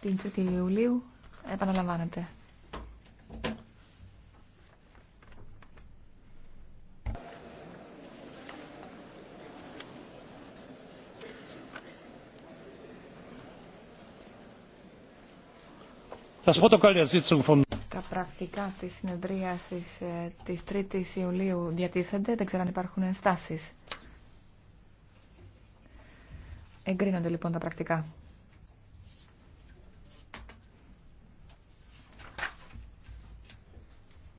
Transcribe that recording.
την 3η Ιουλίου επαναλαμβάνεται. Τα πρακτικά τη συνεδρίασης τη 3 η Ιουλίου διατίθενται. Δεν ξέρω αν υπάρχουν ενστάσεις. Εγκρίνονται λοιπόν τα πρακτικά.